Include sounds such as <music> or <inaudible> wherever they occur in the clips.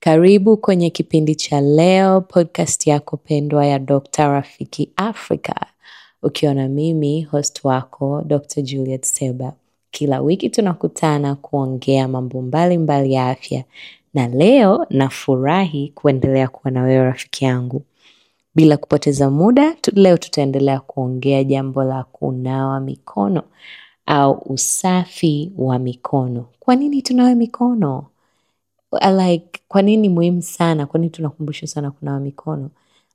Karibu kwenye kipindi cha leo, podcast yako pendwa ya Dr. Rafiki Africa, ukiwa na mimi host wako Dr. Juliet Seba. Kila wiki tunakutana kuongea mambo mbalimbali ya afya, na leo nafurahi kuendelea kuwa na wewe rafiki yangu. Bila kupoteza muda, leo tutaendelea kuongea jambo la kunawa mikono au usafi wa mikono. Kwa nini tunawe mikono? Uh, like kwa nini muhimu sana, kwa nini tunakumbushwa sana kunawa mikono,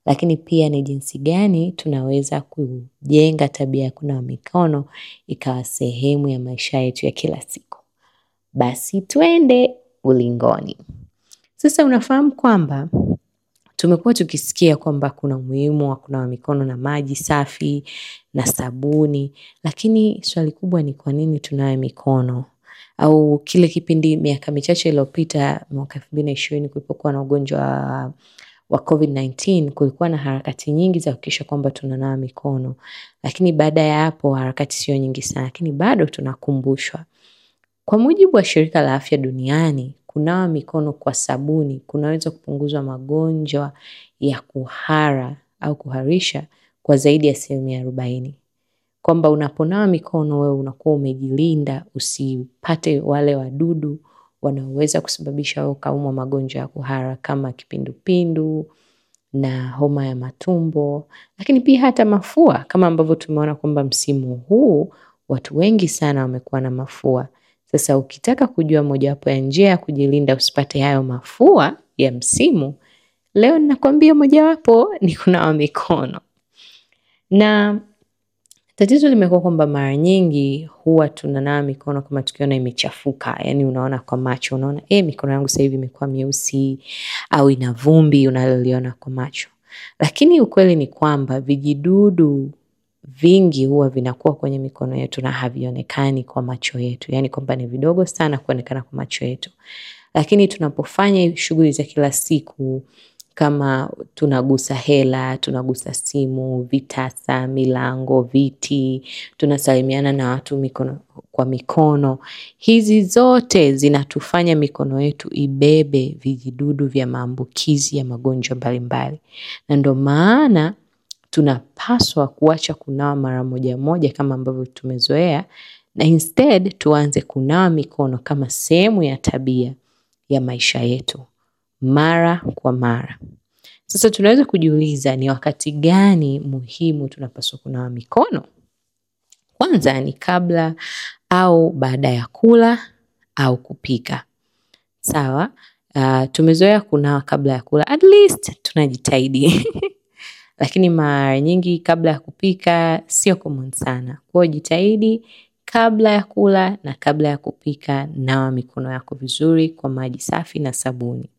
lakini pia ni jinsi gani tunaweza kujenga tabia ya kunawa mikono ikawa sehemu ya maisha yetu ya kila siku. Basi twende ulingoni. Sasa unafahamu kwamba tumekuwa tukisikia kwamba kuna umuhimu wa kunawa mikono na maji safi na sabuni, lakini swali kubwa ni kwa nini tunawe mikono? au kile kipindi miaka michache iliyopita mwaka elfu mbili na ishirini kulipokuwa na ugonjwa wa COVID-19, kulikuwa na harakati nyingi za kuhakikisha kwamba tunanawa mikono, lakini baada ya hapo harakati sio nyingi sana, lakini bado tunakumbushwa. Kwa mujibu wa Shirika la Afya Duniani, kunawa mikono kwa sabuni kunaweza kupunguzwa magonjwa ya kuhara au kuharisha kwa zaidi ya asilimia arobaini kwamba unaponawa mikono wewe unakuwa umejilinda usipate wale wadudu wanaoweza kusababisha wewe ukaumwa magonjwa ya kuhara kama kipindupindu na homa ya matumbo, lakini pia hata mafua, kama ambavyo tumeona kwamba msimu huu watu wengi sana wamekuwa na mafua. Sasa ukitaka kujua mojawapo ya njia ya kujilinda usipate hayo mafua ya msimu, leo ninakwambia mojawapo <laughs> ni kunawa mikono na Tatizo limekuwa kwamba mara nyingi huwa tunanawa mikono kama tukiona imechafuka, yani unaona kwa macho, unaona e, mikono yangu sahivi imekuwa myeusi au ina vumbi, unaloliona kwa macho. Lakini ukweli ni kwamba vijidudu vingi huwa vinakuwa kwenye mikono yetu na havionekani kwa macho yetu, yani kwamba ni vidogo sana kuonekana kwa macho yetu, lakini tunapofanya shughuli za kila siku kama tunagusa hela, tunagusa simu, vitasa, milango, viti, tunasalimiana na watu mikono kwa mikono. Hizi zote zinatufanya mikono yetu ibebe vijidudu vya maambukizi ya magonjwa mbalimbali, na ndo maana tunapaswa kuacha kunawa mara moja moja kama ambavyo tumezoea, na instead tuanze kunawa mikono kama sehemu ya tabia ya maisha yetu mara kwa mara. Sasa tunaweza kujiuliza ni wakati gani muhimu tunapaswa kunawa mikono? Kwanza ni kabla au baada ya kula au kupika. Sawa, uh, tumezoea kunawa kabla ya kula, at least tunajitahidi <laughs> lakini mara nyingi kabla ya kupika sio common sana. Kwa hiyo jitahidi kabla ya kula na kabla ya kupika, nawa mikono yako vizuri kwa maji safi na sabuni.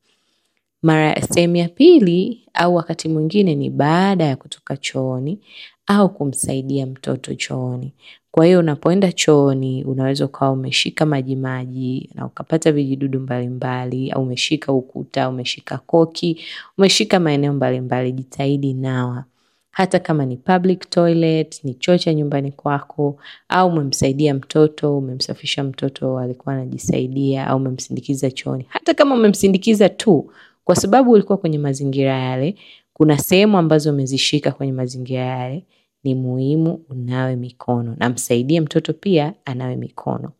Mara sehemu ya pili au wakati mwingine ni baada ya kutoka chooni au kumsaidia mtoto chooni. Kwa hiyo unapoenda chooni unaweza ukawa umeshika majimaji na ukapata vijidudu mbalimbali au umeshika ukuta, umeshika koki, umeshika maeneo mbalimbali, jitahidi nawa. Hata kama ni public toilet, ni choo cha nyumbani kwako au umemsaidia mtoto, umemsafisha mtoto alikuwa anajisaidia au umemsindikiza chooni. Hata kama umemsindikiza tu kwa sababu ulikuwa kwenye mazingira yale, kuna sehemu ambazo umezishika kwenye mazingira yale, ni muhimu unawe mikono na msaidie mtoto pia anawe mikono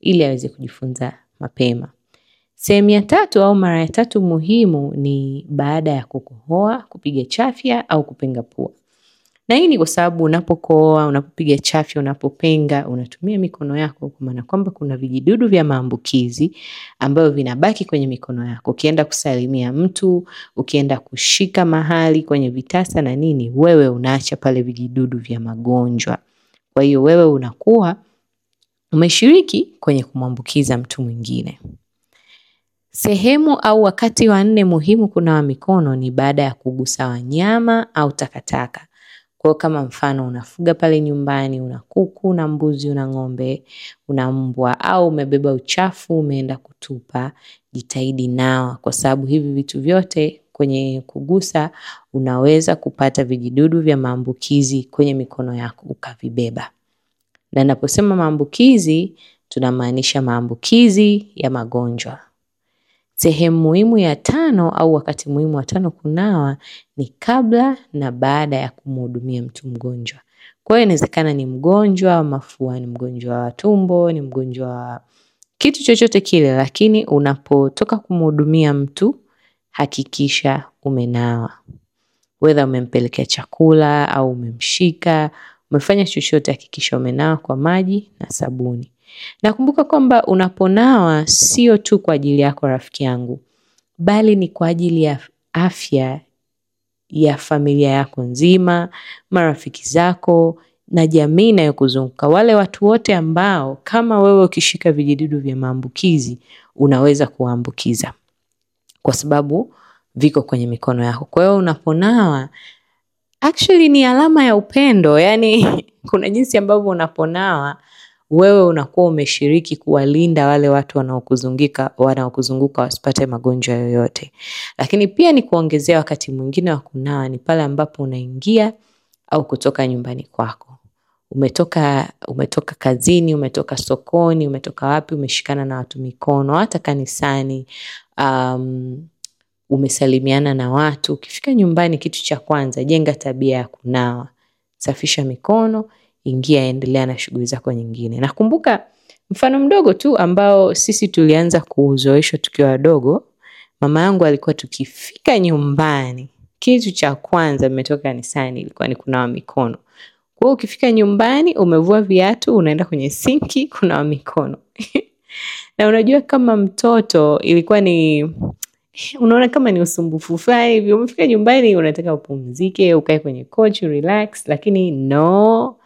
ili aweze kujifunza mapema. Sehemu ya tatu au mara ya tatu muhimu ni baada ya kukohoa, kupiga chafya au kupenga pua na hii ni kwa sababu unapokooa, unapopiga chafya, unapopenga unatumia mikono yako, kwa maana kwamba kuna vijidudu vya maambukizi ambavyo vinabaki kwenye mikono yako. Ukienda kusalimia mtu, ukienda kushika mahali kwenye vitasa na nini, wewe unaacha pale vijidudu vya magonjwa. Kwa hiyo wewe unakuwa umeshiriki kwenye kumwambukiza mtu mwingine. Sehemu au wakati wa nne muhimu kunawa mikono ni baada ya kugusa wanyama au takataka. Kwa kama mfano unafuga pale nyumbani, una kuku, una mbuzi, una ng'ombe, una mbwa au umebeba uchafu umeenda kutupa, jitahidi nawa kwa sababu hivi vitu vyote kwenye kugusa unaweza kupata vijidudu vya maambukizi kwenye mikono yako ukavibeba. Na naposema maambukizi tunamaanisha maambukizi ya magonjwa. Sehemu muhimu ya tano au wakati muhimu wa tano kunawa ni kabla na baada ya kumhudumia mtu mgonjwa. Kwa hiyo inawezekana ni mgonjwa wa mafua, ni mgonjwa wa tumbo, ni mgonjwa wa kitu chochote kile, lakini unapotoka kumhudumia mtu hakikisha umenawa, wedha umempelekea chakula au umemshika, umefanya chochote, hakikisha umenawa kwa maji na sabuni. Nakumbuka kwamba unaponawa sio tu kwa ajili yako rafiki yangu, bali ni kwa ajili ya afya ya familia yako nzima, marafiki zako na jamii inayokuzunguka, wale watu wote ambao kama wewe ukishika vijidudu vya maambukizi unaweza kuwaambukiza kwa sababu viko kwenye mikono yako. Kwa hiyo unaponawa actually ni alama ya upendo, yaani <laughs> kuna jinsi ambavyo unaponawa wewe unakuwa umeshiriki kuwalinda wale watu wanaokuzunguka wanaokuzunguka wasipate magonjwa yoyote. Lakini pia ni kuongezea wakati mwingine wa kunawa ni pale ambapo unaingia au kutoka nyumbani kwako. Umetoka, umetoka kazini, umetoka sokoni, umetoka wapi, umeshikana na watu mikono, hata kanisani, um, umesalimiana na watu. Ukifika nyumbani, kitu cha kwanza, jenga tabia ya kunawa, safisha mikono ingia, endelea na shughuli zako nyingine. Nakumbuka mfano mdogo tu ambao sisi tulianza kuuzoeshwa tukiwa wadogo. Mama yangu alikuwa tukifika nyumbani, kitu cha kwanza mmetoka kanisani, ilikuwa ni kunawa mikono. Kwa hiyo ukifika nyumbani, umevua viatu, unaenda kwenye sinki <laughs> kunawa mikono <laughs> na unajua kama mtoto ilikuwa ni unaona kama ni usumbufu fulani hivi. Umefika nyumbani, unataka upumzike, ukae kwenye kochi relax, lakini no,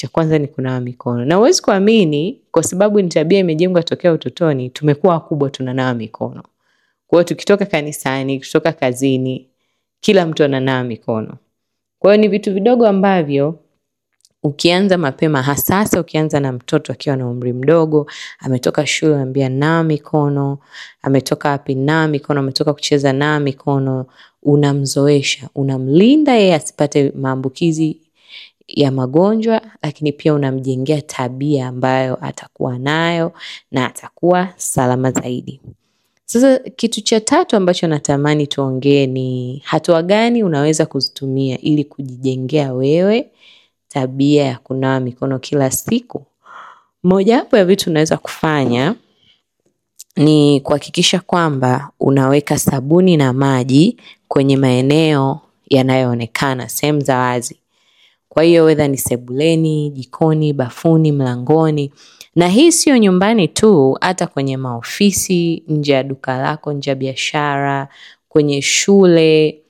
cha kwanza ni kunawa mikono, na huwezi kuamini, kwa sababu ni tabia imejengwa tokea utotoni. Tumekuwa wakubwa tunanawa mikono, kwa hiyo tukitoka kanisani, tukitoka kazini, kila mtu ananawa mikono. Kwa hiyo ni vitu vidogo ambavyo ukianza mapema, hasasa ukianza na mtoto akiwa na umri mdogo, ametoka shule, ambia nawa mikono, ametoka wapi, nawa mikono, ametoka kucheza, nawa mikono, unamzoesha, unamlinda yeye asipate maambukizi ya magonjwa, lakini pia unamjengea tabia ambayo atakuwa nayo na atakuwa salama zaidi. Sasa kitu cha tatu ambacho natamani tuongee ni hatua gani unaweza kuzitumia ili kujijengea wewe tabia ya kunawa mikono kila siku. Mojawapo ya vitu unaweza kufanya ni kuhakikisha kwamba unaweka sabuni na maji kwenye maeneo yanayoonekana, sehemu za wazi. Kwa hiyo wedha ni sebuleni, jikoni, bafuni, mlangoni, na hii sio nyumbani tu, hata kwenye maofisi, nje ya duka lako, nje ya biashara, kwenye shule,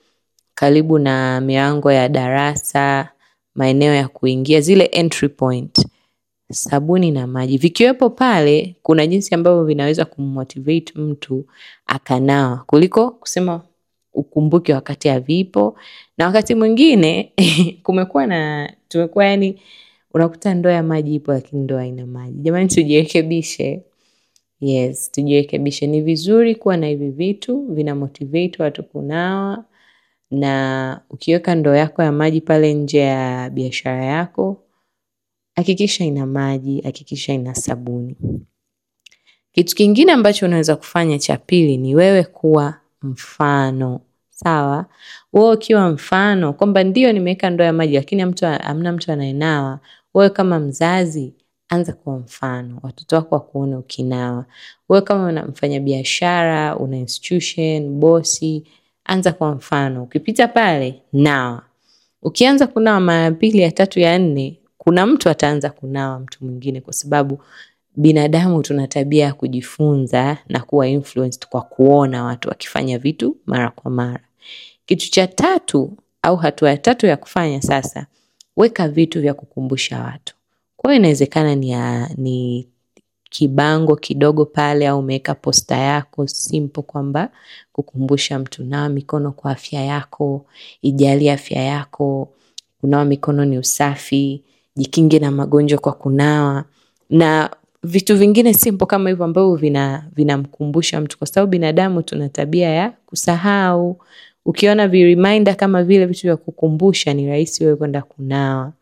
karibu na milango ya darasa, maeneo ya kuingia, zile entry point sabuni na maji vikiwepo pale, kuna jinsi ambavyo vinaweza kummotivate mtu akanawa kuliko kusema ukumbuke wakati avipo na wakati mwingine <laughs> kumekuwa na tumekuwa yani, unakuta ndoa ya maji ipo lakini ndoa ina maji. Jamani, tujirekebishe. Yes, tujirekebishe. Ni vizuri kuwa na hivi vitu, vina motivate watu kunawa, na ukiweka ndoo yako ya maji pale nje ya biashara yako, hakikisha ina maji, hakikisha ina sabuni. Kitu kingine ambacho unaweza kufanya cha pili ni wewe kuwa mfano sawa. Wewe ukiwa mfano kwamba ndio nimeweka ndoo ya maji, lakini mtu mtu anayenawa, wewe kama mzazi anza kuwa mfano, watoto wako wakuone ukinawa. Wewe kama mfanya biashara, una institution, bosi, anza kwa mfano. Ukipita pale nawa, ukianza kunawa mara ya pili, ya tatu, ya nne, kuna mtu ataanza kunawa mtu mwingine, kwa sababu binadamu tuna tabia ya kujifunza na kuwa influenced kwa kuona watu wakifanya vitu mara kwa mara. Kitu cha tatu au hatua ya tatu ya kufanya sasa, weka vitu vya kukumbusha watu. Kwa hiyo inawezekana ni, ni kibango kidogo pale au umeweka posta yako simple kwamba kukumbusha mtu nawa mikono kwa afya yako, ijali afya yako, kunawa mikono ni usafi, jikinge na magonjwa kwa kunawa na vitu vingine simple kama hivyo ambavyo vina vinamkumbusha mtu, kwa sababu binadamu tuna tabia ya kusahau. Ukiona vireminder kama vile vitu vya kukumbusha, ni rahisi wewe kwenda kunawa.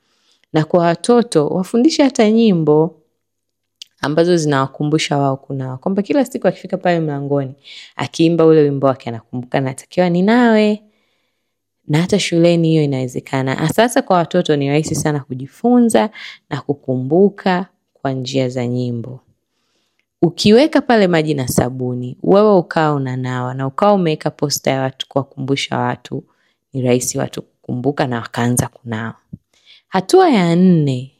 Na kwa watoto wafundishe hata nyimbo ambazo zinawakumbusha wao kunawa, kwamba kila siku akifika pale mlangoni akiimba ule wimbo wake anakumbuka natakiwa ninawe. Na hata shuleni hiyo inawezekana. Sasa kwa watoto ni rahisi sana kujifunza na kukumbuka kwa njia za nyimbo. Ukiweka pale maji na sabuni, wewe ukawa unanawa na ukawa umeweka posta ya watu kuwakumbusha watu, ni rahisi watu kukumbuka na wakaanza kunawa. Hatua ya nne,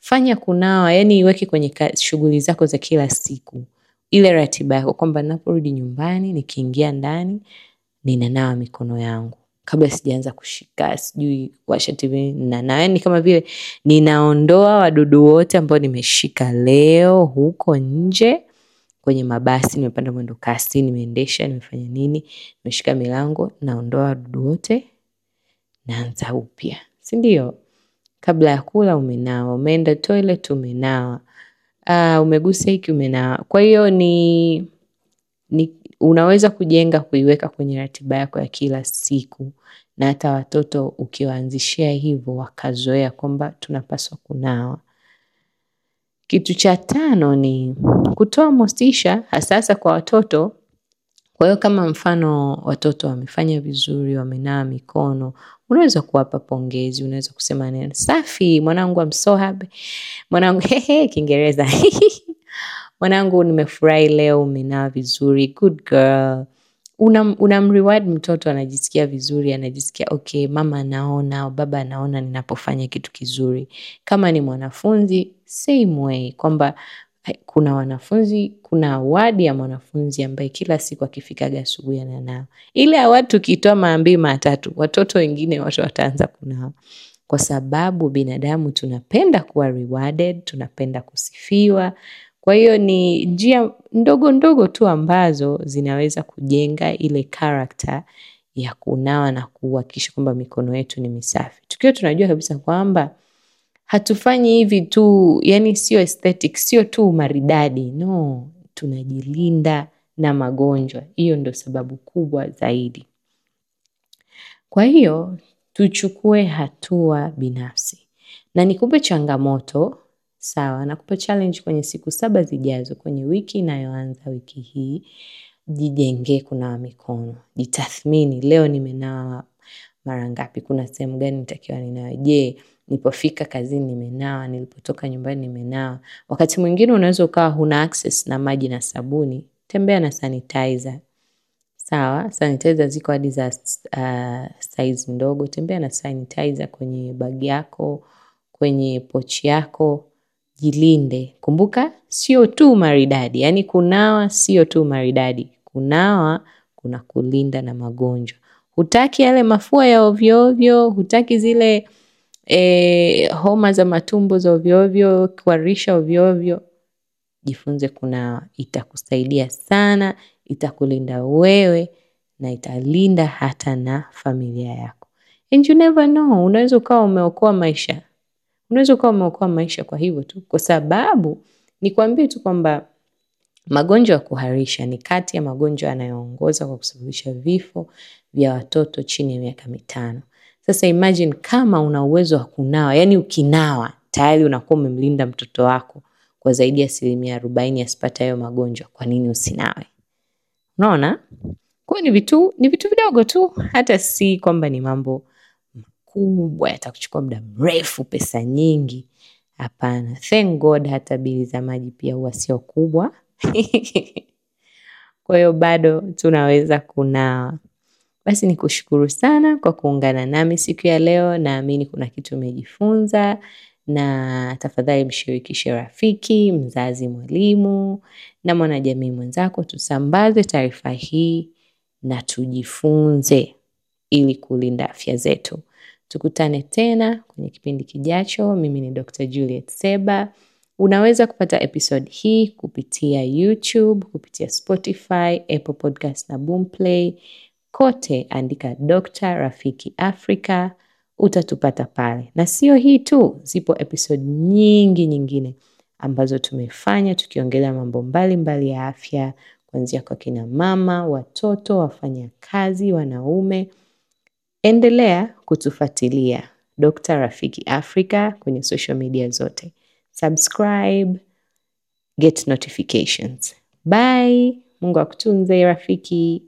fanya kunawa, yani iweke kwenye shughuli zako za kila siku, ile ratiba yako kwamba ninaporudi nyumbani, nikiingia ndani, ninanawa mikono yangu kabla sijaanza kushika sijui kuwasha TV na na, kama vile ninaondoa wadudu wote ambao nimeshika leo huko nje kwenye mabasi, nimepanda mwendo kasi, nimeendesha, nimefanya nini, nimeshika milango, naondoa wadudu wote, naanza upya, sindio Kabla ya kula umenawa, umeenda toilet umenawa, uh, umegusa hiki umenawa. Kwa hiyo ni ni unaweza kujenga kuiweka kwenye ratiba yako ya kila siku, na hata watoto ukiwaanzishia hivyo wakazoea kwamba tunapaswa kunawa. Kitu cha tano ni kutoa motisha, hasahasa kwa watoto. Kwa hiyo kama mfano watoto wamefanya vizuri, wamenawa mikono, unaweza kuwapa pongezi, unaweza kusema neno safi mwanangu, amsohab mwanangu, <laughs> hehe Kiingereza <laughs> mwanangu, nimefurahi leo, umenaa vizuri, good girl. Unamreward, una mtoto anajisikia vizuri, anajisikia okay, mama anaona, baba anaona ninapofanya kitu kizuri. Kama ni mwanafunzi same way, kwamba eh, kuna wanafunzi, kuna awadi ya mwanafunzi ambaye kila siku akifikaga asubuhi ananao. Ile awadi tukitoa maambii matatu watoto wengine watu wataanza kunao, kwa sababu binadamu tunapenda kuwa rewarded, tunapenda kusifiwa. Kwa hiyo ni njia ndogo ndogo tu ambazo zinaweza kujenga ile karakta ya kunawa na kuhakikisha kwamba mikono yetu ni misafi, tukiwa tunajua kabisa kwamba hatufanyi hivi tu, yani sio aesthetic, sio tu maridadi, no, tunajilinda na magonjwa. Hiyo ndo sababu kubwa zaidi. Kwa hiyo tuchukue hatua binafsi, na nikupe changamoto Sawa, nakupa challenge kwenye siku saba zijazo, kwenye wiki inayoanza wiki hii. Jijengee kunawa mikono, jitathmini, leo nimenawa mara ngapi? Kuna sehemu gani nitakiwa ninawe? Je, nilipofika kazini nimenawa? Nilipotoka nyumbani nimenawa? Wakati mwingine unaweza ukawa huna access na maji na sabuni, tembea na sanitizer. Sawa, sanitizer ziko hadi za uh, size ndogo. Tembea na sanitizer kwenye bagi yako, kwenye pochi yako jilinde. Kumbuka, sio tu maridadi, yaani kunawa sio tu maridadi, kunawa kuna kulinda na magonjwa. Hutaki yale mafua ya ovyoovyo, hutaki zile e, homa za matumbo za ovyoovyo, kuharisha ovyoovyo. Jifunze kunawa, itakusaidia sana, itakulinda wewe na italinda hata na familia yako. And you never know, unaweza ukawa umeokoa maisha unaweza ukawa umeokoa maisha kwa hivyo tu, kwa sababu nikwambie tu kwamba magonjwa ya kuharisha ni kati ya magonjwa yanayoongoza kwa kusababisha vifo vya watoto chini ya miaka mitano. Sasa imagine kama una uwezo wa kunawa, yani ukinawa tayari unakuwa umemlinda mtoto wako kwa zaidi ya asilimia arobaini asipate hayo magonjwa. Kwa nini usinawe? Unaona, kwayo ni vitu ni vitu vidogo tu, hata si kwamba ni mambo kubwa yatakuchukua muda mrefu, pesa nyingi. Hapana, thank God hata bili za maji pia huwa sio kubwa <laughs> kwa hiyo bado tunaweza kunawa. Basi ni kushukuru sana kwa kuungana nami siku ya leo. Naamini kuna kitu umejifunza, na tafadhali mshirikishe rafiki, mzazi, mwalimu na mwanajamii mwenzako, tusambaze taarifa hii na tujifunze ili kulinda afya zetu. Tukutane tena kwenye kipindi kijacho. Mimi ni Dr. Juliet Seba. Unaweza kupata episode hii kupitia YouTube, kupitia Spotify, Apple Podcast na Boomplay. Kote andika Dr. Rafiki Africa, utatupata pale. Na sio hii tu, zipo episode nyingi nyingine ambazo tumefanya tukiongelea mambo mbalimbali ya afya, kuanzia kwa kina mama, watoto, wafanya kazi, wanaume Endelea kutufuatilia Dokta Rafiki Africa kwenye social media zote, subscribe, get notifications. Bye, Mungu akutunze rafiki.